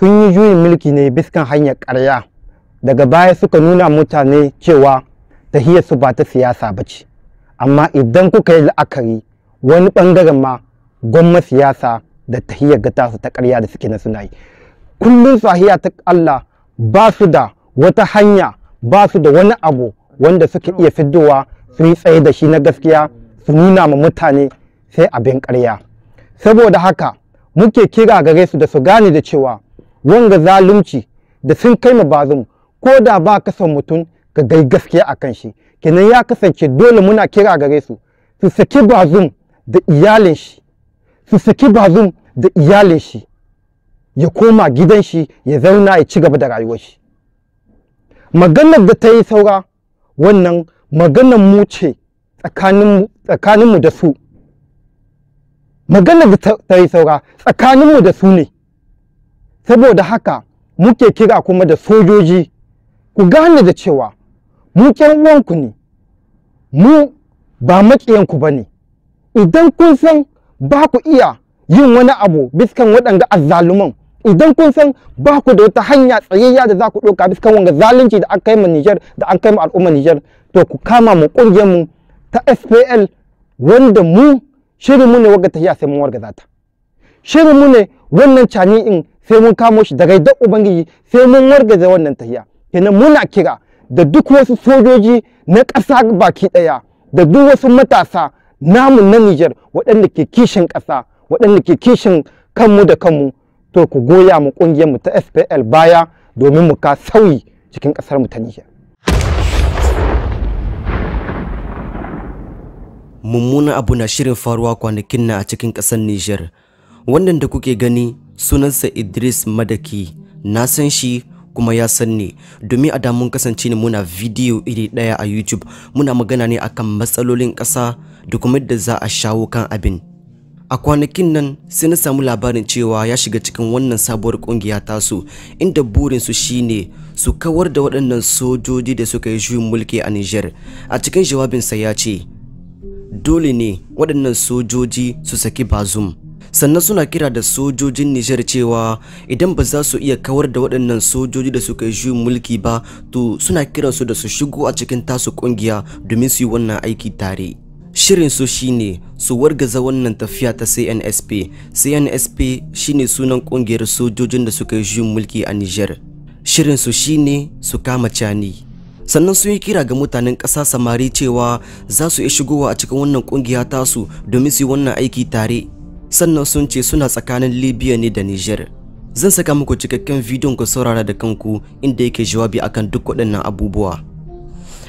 sun yi juyin mulki ne biskan hanyar karya, daga baya suka nuna mutane cewa su ba ta siyasa ba ce amma idan kuka yi la'akari wani ɓangaren ma gwamma siyasa da tahiyar ga tasu ta karya da suke na suna yi kullum sahiya ta Allah ba su da wata hanya ba su da wani abu wanda suke iya fiddowa su yi tsaye da shi na gaskiya su nuna ma mutane sai abin ƙarya saboda haka muke kira gare su da su gane da cewa wanga zalunci da sun kai ma bazum ko da ba ka son mutum ka gai gaskiya a kan shi kenan ya kasance dole muna kira gare su su saki bazum da iyalin shi su saki bazum da iyalin shi ya koma gidan shi ya zauna ya ci gaba da rayuwar shi maganar da ta saura wannan maganar mu ce tsakaninmu da su maganar da ta yi saura tsakaninmu da su ne saboda haka muke kira kuma da sojoji ku gane da cewa mu uwanku ne mu ba maƙiyanku ba ne idan kun san ba ku iya yin wani abu biskan waɗanga azzaluman idan kun san ba ku da wata hanya tsayayya da za ku ɗauka biskan wanga zalunci da an kai ma Nijar da an kai ma al'ummar Nijar to ku kama mu ƙungiyar mu ta SPL wanda mu shirin mu ne yi tahiya sai mun wargaza zata shirin mu ne wannan cani in sai mun kamo shi daga idan ubangiji sai mun wargaza wannan tahiya kenan muna kira da duk wasu sojoji na ƙasa baki ɗaya da duk wasu matasa namu na Nijar waɗanda ke kishin ƙasa waɗanda ke kishin kanmu da kanmu to ku goya mu ƙungiyarmu ta spl baya domin mu ka sauyi cikin ƙasarmu ta Nijar. Mummunan abu na shirin faruwa kwanakin na a cikin ƙasar Nijar. Wannan da kuke gani sunansa Idris Madaki na san shi kuma ya san ne domin a da mun kasance ne muna video iri daya a YouTube muna magana ne akan matsalolin kasa da kuma yadda za a shawo kan abin a kwanakin nan sai na samu labarin cewa ya shiga cikin wannan sabuwar kungiya tasu inda burin su shine su kawar da waɗannan sojoji da suka yi juyin mulki a Niger a cikin jawabin sa ya ce dole ne waɗannan sojoji su saki bazum sannan suna kira da sojojin Nijar cewa idan ba za su iya kawar da waɗannan sojoji da suka yi mulki ba to suna kiran su da su shigo a cikin tasu kungiya domin su yi wannan aiki tare shirin su shine su wargaza wannan tafiya ta CNSP CNSP shine sunan kungiyar sojojin da suka yi mulki a Nijar shirin su shine su kama cani sannan sun yi kira ga mutanen ƙasa samari cewa za su iya shigowa a cikin wannan kungiya tasu domin su yi wannan aiki tare sannan sun ce suna tsakanin libya ne da niger zan saka muku cikakken bidiyon ku saurara da kanku inda yake jawabi akan duk waɗannan abubuwa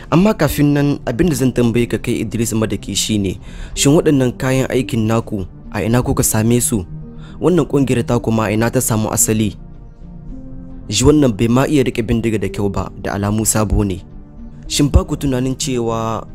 amma kafin nan abin da zan tambaye ka kai idris madaki shine shin waɗannan kayan aikin naku a ina kuka same su wannan kungiyar ta kuma ina ta samu asali shi wannan bai ma iya rike bindiga da kyau ba da alamu sabo ne shin ba ku tunanin cewa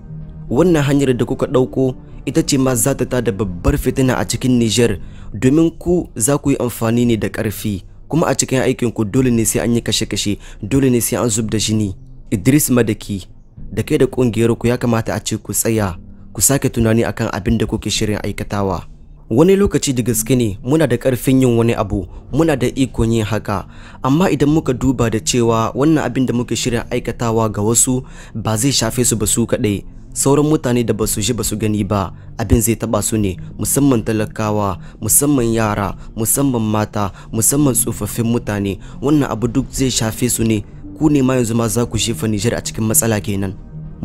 wannan hanyar da kuka ɗauko ita ce ma za ta da babbar fitina a cikin Niger domin ku za ku yi amfani ne da ƙarfi kuma a cikin aikin ku dole ne sai an yi kashe-kashe dole ne sai an zub da jini Idris Madaki da kai da ƙungiyar ku ya kamata a ce ku tsaya ku sake tunani akan abin da kuke shirin aikatawa wani lokaci da gaske ne muna da ƙarfin yin wani abu muna da ikon yin haka amma idan muka duba da cewa wannan abin da muka shirya aikatawa ga wasu ba zai shafe su ba su kaɗai sauran mutane da ba basu ji su gani ba abin zai taba su ne musamman talakawa musamman yara musamman mata musamman tsofaffin mutane wannan abu duk zai shafe su ne ku ne ma yanzu ma za ku shefa Nijar a cikin matsala kenan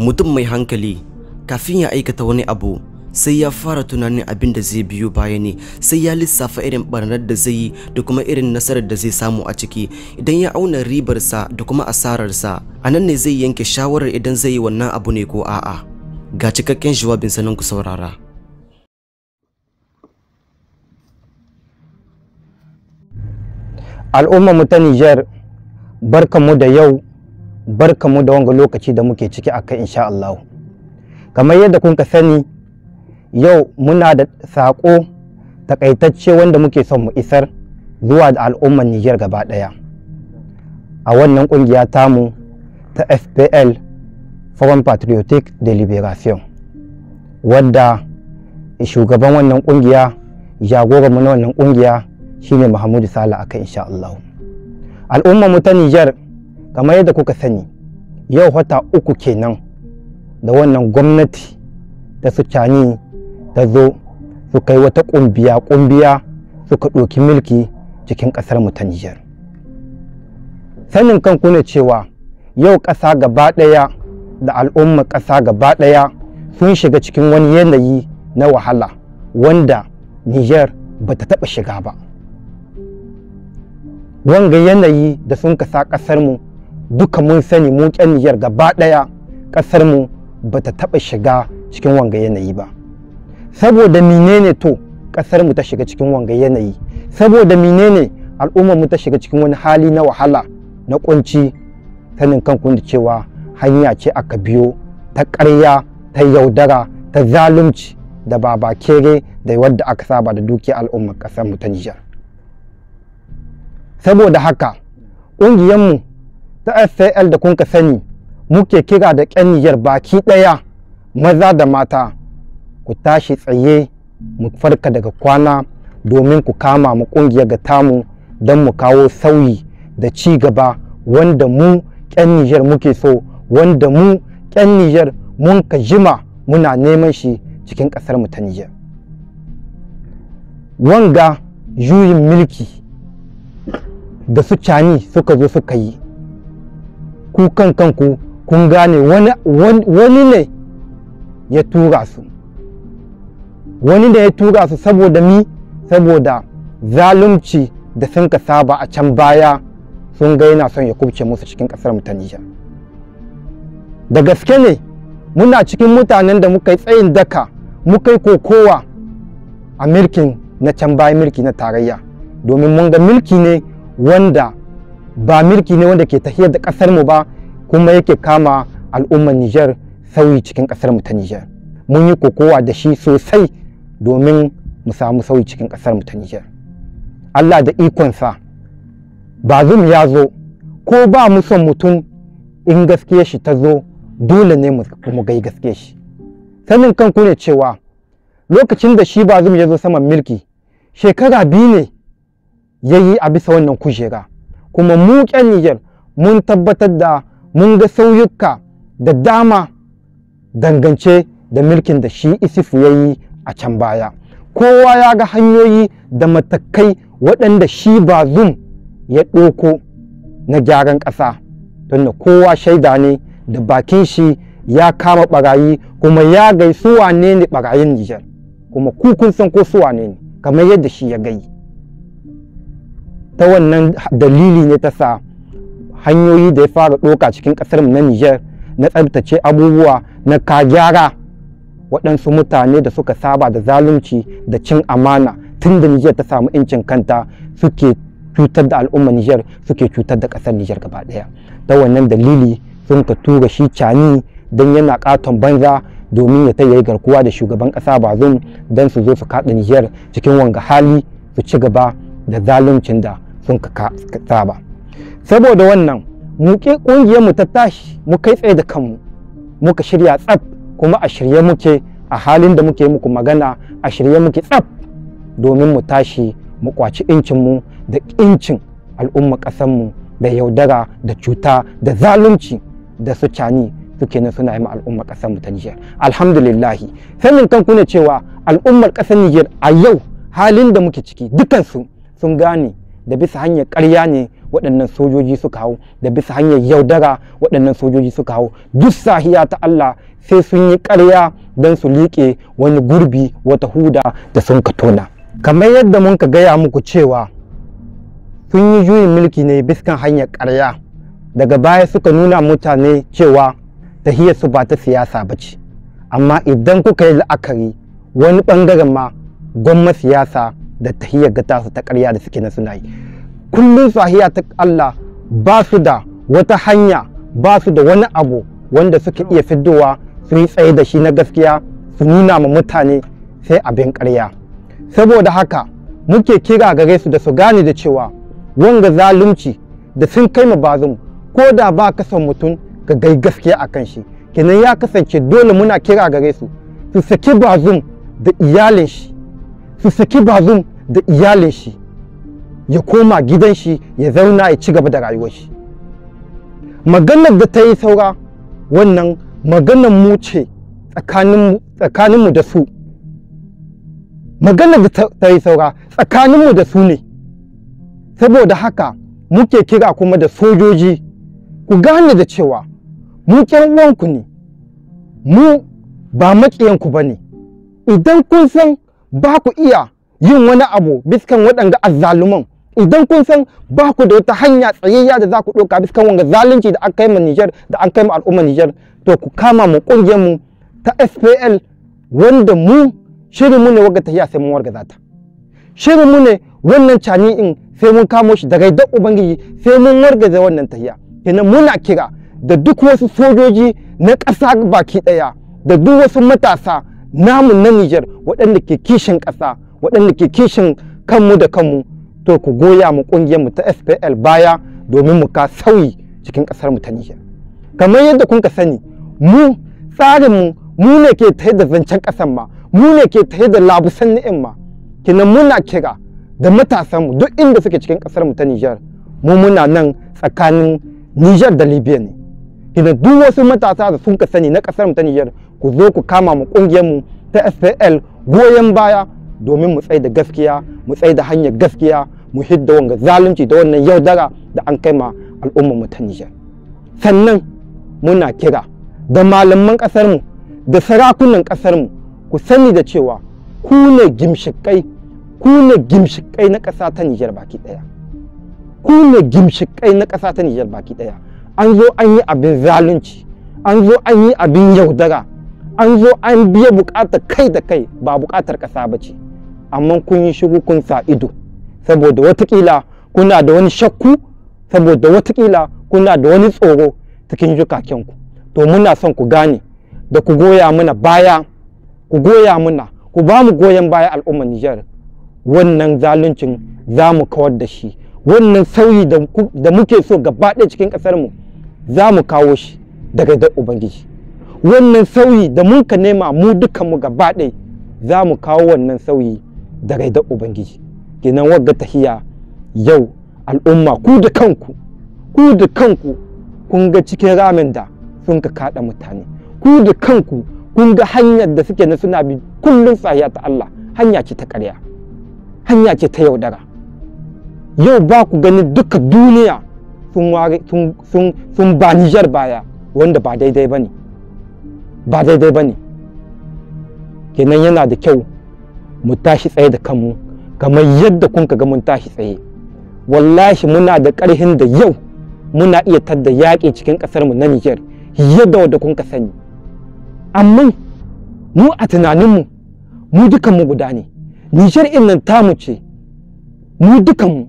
mutum mai hankali kafin ya aikata wani abu sai ya fara tunanin abin da zai biyo baya ne sai ya lissafa irin barnar da zai yi da kuma irin nasarar da zai samu a ciki idan ya auna ribarsa da kuma asararsa a nan ne zai yanke shawarar idan zai yi wannan abu ne ko a'a ga cikakken jawabin sanin ku saurara al'umma mu ta Niger barkamu da yau barkamu da wanga lokaci da muke ciki akai insha Allah kamar yadda kun ka sani yau muna da saƙo takaitacce wanda muke son mu isar zuwa da al'ummar Nijar gaba ɗaya a wannan ƙungiya tamu ta FPL Forum Patriotic de Liberation wadda shugaban wannan ƙungiya mu na wannan ƙungiya shine Muhammadu Sala aka insha Allah al'ummar mu ta Nijar kamar yadda kuka sani yau wata uku kenan da wannan gwamnati da su ta zo su kai wata ƙumbiya ƙumbiya suka ɗoki mulki cikin ƙasar mu ta Nijar. Sanin kanku ne cewa yau ƙasa gaba ɗaya da al'umma ƙasa gaba ɗaya sun shiga cikin wani yanayi na wahala wanda Nijar ba ta taɓa shiga ba. Wanga yanayi da sun kasa ƙasarmu duka mun sani mu ƙyan Nijar gaba ɗaya ƙasarmu ba ta taɓa shiga cikin wanga yanayi ba. saboda menene to kasar mu ta shiga cikin wanga yanayi saboda menene al'ummar mu ta shiga cikin wani hali na wahala na kunci sanin kanku da cewa hanya ce aka biyo ta ƙarya ta yaudara ta zalunci da baba kere da wadda aka saba da dukiyar al'ummar kasar mu ta Nijar saboda haka mu ta SAL da kun ka sani muke kira da ƙyan Nijar baki ɗaya maza da mata ku tashi tsaye mu farka daga kwana domin ku kama mu kungiyar ga tamu don mu kawo sauyi da ci gaba wanda mu ƙyan Nijar muke so wanda mu ƙyan Nijar mun ka jima muna neman shi cikin ƙasar mu ta Nijar. Wanga juyin mulki da su cani suka zo suka yi ku kan kanku kun gane wani ne ya tura su wani da ya tura su saboda mi saboda zalunci da sun ka saba a can baya sun ga yana son ya kubce musu cikin ƙasar ta Nijar da gaske ne muna cikin mutanen da muka yi tsayin daka muka yi kokowa a mulkin na can baya milki na tarayya domin mun ga mulki ne wanda ba milki ne wanda ke tafiyar da ƙasar mu ba kuma yake kama al'ummar Nijar sauyi cikin ƙasar mu ta Nijar mun yi kokowa da shi sosai domin mu samu sauyi cikin ƙasar mu ta Nijar. Allah da ikonsa bazum ya zo ko ba mu son mutum in gaskiya shi ta zo dole ne mu gai gaskiya shi sanin kanku ne cewa lokacin da shi ba bazum ya zo saman milki shekara biyu ne ya yi a bisa wannan kujera kuma mu ƙyan Nijar mun tabbatar da mun ga sauyuka da dama dangance da milkin da shi isifu ya yi a can baya kowa ya ga hanyoyi da matakai waɗanda shi ba zum ya ɗoko na gyaran ƙasa tunda kowa shaida ne da bakin shi ya kama ɓarayi kuma ya gai su wane ne ɓarayin Nijar kuma kukun san ko su wane ne kamar yadda shi ya gai ta wannan dalili ne ta sa hanyoyi da ya fara ɗoka cikin ƙasar na Nijar na tsabtace abubuwa na ka gyara waɗansu mutane da suka saba da zalunci da cin amana tun da Nijar ta samu incin kanta suke cutar da al'ummar Nijar suke cutar da ƙasar Nijar gaba ɗaya ta wannan dalili sun ka tura shi cani don yana ƙaton banza domin ya tayi garkuwa da shugaban ƙasa bazum don su zo su kaɗa Nijar cikin wanga hali su ci gaba da zaluncin da sun ka saba saboda wannan mu ƙungiyar mu ta tashi mu kai tsaye da kanmu muka shirya tsaf kuma a shirye muke a halin da muke muku magana a shirye muke tsaf domin mu tashi mu kwaci incinmu da incin al'umma ƙasanmu da yaudara da cuta da zalunci da su cani suke nan suna yi ma al'ummar ƙasar mu ta Nijar. Alhamdulillahi. Sanin kanku ne cewa al'ummar ƙasar Nijar a yau halin da muke ciki dukansu sun gane da bisa hanyar ƙarya ne waɗannan sojoji suka hau da bisa hanyar yaudara waɗannan sojoji suka hau duk sahiya ta Allah sai sun yi ƙarya don su liƙe wani gurbi wata huda da sun ka tona kamar yadda mun ka gaya muku cewa sun yi juyin mulki ne biskan hanyar ƙarya daga baya suka nuna mutane cewa tahiyar su ba ta siyasa ba ce amma idan kuka yi la'akari wani ɓangaren ma gwamma siyasa da tahiyar ga tasu ta ƙarya da suke na suna yi kullum sahiya ta Allah ba su da wata hanya ba su da wani abu wanda suka iya fiddowa su yi tsaye da shi na gaskiya su nuna ma mutane sai abin karya saboda haka muke kira gare su da su gane da cewa wanga zalunci da sun kai mu bazum ko da ba ka son mutum ka gai gaskiya a kan shi kenan ya kasance dole muna kira gare su su saki bazum da iyalin shi su saki bazum da iyalin shi ya koma gidan shi ya zauna ya ci gaba da rayuwar shi maganar da ta yi saura wannan maganar mu ce tsakaninmu da su maganar da ta yi saura tsakaninmu da su ne saboda haka muke kira kuma da sojoji ku gane da cewa mu uwanku ne mu ba maƙiyanku ba ne idan kun san ba ku iya yin wani abu biskan waɗanda azzaluman idan kun san ba ku da wata hanya tsayayya da za ku ɗauka bisa wanga zalunci da an kai ma Nijar da an kai ma al'ummar Nijar to ku kama mu ƙungiyar mu ta SPL wanda mu shirin mu ne wagga tahiya sai mun wargaza ta shirin mu ne wannan cani in sai mun kamo shi daga idan ubangiji sai mun wargaza wannan tahiya kenan muna kira da duk wasu sojoji na ƙasa baki ɗaya da duk wasu matasa namu na Nijar waɗanda ke kishin ƙasa waɗanda ke kishin kanmu da kanmu to ku goya mu kungiyar mu ta SPL baya domin mu ka sauyi cikin kasar mu ta Niger kamar yadda kun ka sani mu tsarin mu mu ne ke tayar da zancen kasar ma mu ne ke tayar da labusan ni'in ma kinan muna kira da matasan mu duk inda suke cikin kasar mu ta Nijar mu muna nan tsakanin Nijar da Libya ne kinan duk wasu matasa da sun ka sani na kasar mu ta Niger ku zo ku kama mu kungiyar mu ta SPL goyon baya domin mu tsaye da gaskiya mu tsai da hanyar gaskiya mu hidda wanga zalunci da wannan yaudara da an kai ma al'ummar mu ta Nijar sannan muna kira da malaman ƙasarmu da sarakunan ƙasar mu ku sani da cewa ku ne gimshikai ku ne gimshikai na ƙasa ta Nijar baki ɗaya ku ne gimshikai na ƙasa ta Nijar baki ɗaya an zo an yi abin zalunci an zo an yi abin yaudara an zo an biya buƙatar kai da kai ba buƙatar ƙasa ba ce amma kun yi shiru kun sa ido saboda watakila kuna da wani shakku saboda watakila kuna da wani tsoro cikin ku to muna son ku gane da ku goya mana baya ku goya mana ku ba mu goyon baya al'ummar Nijar wannan zaluncin za mu kawar da shi wannan sauyi da muke so gaba ɗaya cikin mu za mu kawo shi daga da Ubangiji wannan sauyi da muka nema mu mu gaba ɗaya za mu kawo wannan sauyi da raidar ubangiji kenan wadda tahiya yau al'umma ku da kanku ku da kanku kun ga cikin ramin da sun ka kada mutane ku da kanku kun ga hanyar da suke na suna bi kullum tsaya ta Allah hanya ce ta ƙarya hanya ce ta yaudara yau ba ku gani duka duniya sun ba Nijar baya wanda ba ba ba daidai ba ne kenan yana da kyau mu tashi tsaye da kanmu kamar yadda kun ga mun tashi tsaye wallahi muna da ƙarhin da yau muna iya tadda yaƙi cikin ƙasarmu na Nijar yadda wadda kun ka sani amma mu a tunaninmu mu dukanmu guda ne Nijar in nan tamu ce mu dukanmu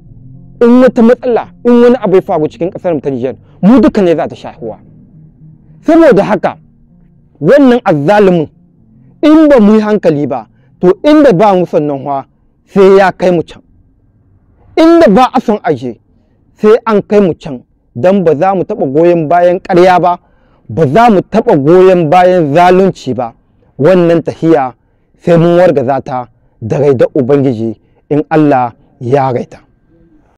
in wata matsala in wani abu ya faru cikin ƙasarmu ta Nijar mu duka ne za ta shahuwa saboda haka wannan azzalumin in ba mu yi hankali ba to inda ba mu sannan hwa sai ya kai mu can inda ba a son aje sai an kai mu can don ba za mu taɓa goyon bayan ƙarya ba ba za mu taɓa goyon bayan zalunci ba wannan tahiya sai mun warga ta da raidar ubangiji in Allah ya raita